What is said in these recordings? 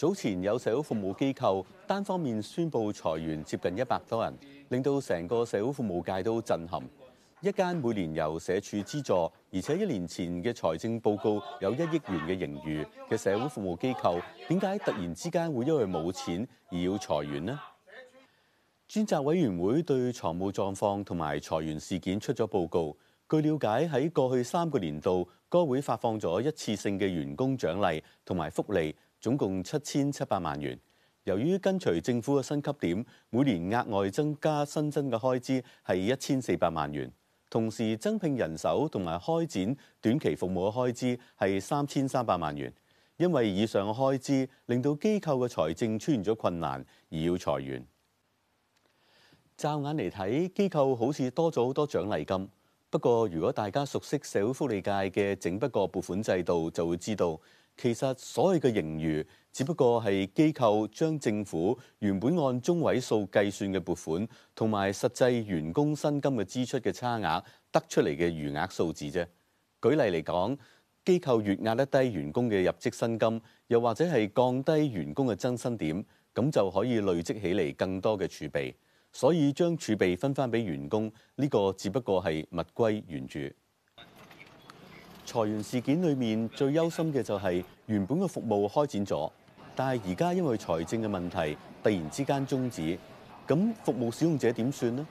早前有社會服務機構單方面宣布裁員，接近一百多人，令到成個社會服務界都震撼。一間每年由社署資助，而且一年前嘅財政報告有一億元嘅盈餘嘅社會服務機構，點解突然之間會因為冇錢而要裁員呢？專責委員會對財務狀況同埋裁員事件出咗報告。據了解，喺過去三個年度，該會發放咗一次性嘅員工獎勵同埋福利。總共七千七百萬元，由於跟隨政府嘅新級點，每年額外增加新增嘅開支係一千四百萬元，同時增聘人手同埋開展短期服務嘅開支係三千三百萬元。因為以上嘅開支令到機構嘅財政出現咗困難，而要裁員。驟眼嚟睇，機構好似多咗好多獎勵金。不過，如果大家熟悉社會福利界嘅整不過撥款整筆撥款制度，就會知道其實所謂嘅盈餘，只不過係機構將政府原本按中位數計算嘅撥款同埋實際員工薪金嘅支出嘅差額得出嚟嘅餘額數字啫。舉例嚟講，機構越壓得低員工嘅入職薪金，又或者係降低員工嘅增薪點，咁就可以累積起嚟更多嘅儲備。所以將儲備分翻俾員工，呢、這個只不過係物歸原主。裁員事件裏面最憂心嘅就係原本嘅服務開展咗，但係而家因為財政嘅問題突然之間中止，咁服務使用者點算呢？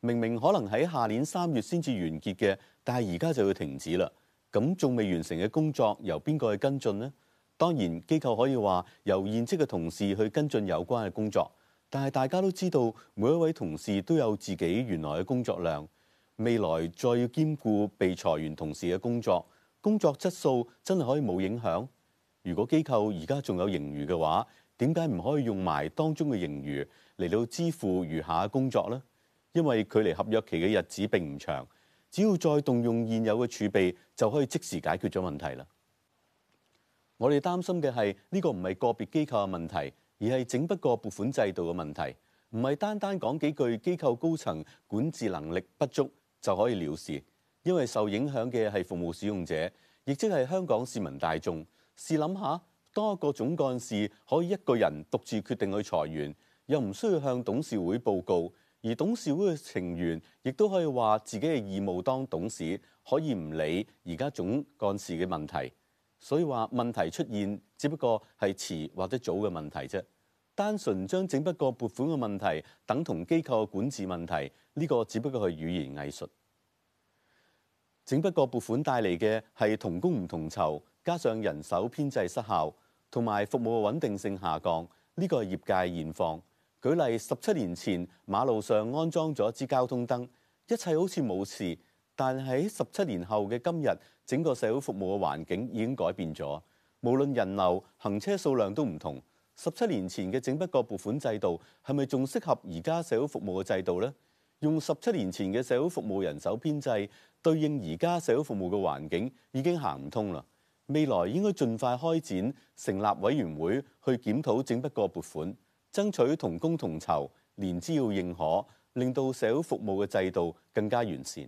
明明可能喺下年三月先至完結嘅，但係而家就要停止啦。咁仲未完成嘅工作由邊個去跟進呢？當然機構可以話由現職嘅同事去跟進有關嘅工作。但係大家都知道，每一位同事都有自己原來嘅工作量，未來再要兼顧被裁員同事嘅工作，工作質素真係可以冇影響。如果機構而家仲有盈餘嘅話，點解唔可以用埋當中嘅盈餘嚟到支付餘下嘅工作呢？因為距離合約期嘅日子並唔長，只要再動用現有嘅儲備，就可以即時解決咗問題啦。我哋擔心嘅係呢個唔係個別機構嘅問題。而係整不過撥款制度嘅問題，唔係單單講幾句機構高層管治能力不足就可以了事，因為受影響嘅係服務使用者，亦即係香港市民大眾。試諗下，當一個總幹事可以一個人獨自決定去裁員，又唔需要向董事會報告，而董事會嘅成員亦都可以話自己嘅義務當董事，可以唔理而家總幹事嘅問題。所以話問題出現，只不過係遲或者早嘅問題啫。單純將整筆撥款嘅問題等同機構嘅管治問題，呢個只不過係語言藝術。整筆撥款帶嚟嘅係同工唔同酬，加上人手編制失效，同埋服務嘅穩定性下降，呢個係業界現況。舉例，十七年前馬路上安裝咗一支交通燈，一切好似冇事。但喺十七年後嘅今日，整個社會服務嘅環境已經改變咗，無論人流、行車數量都唔同。十七年前嘅整筆撥款制度係咪仲適合而家社會服務嘅制度呢？用十七年前嘅社會服務人手編制對應而家社會服務嘅環境已經行唔通啦。未來應該盡快開展成立委員會去檢討整筆撥款，爭取同工同酬，年資要認可，令到社會服務嘅制度更加完善。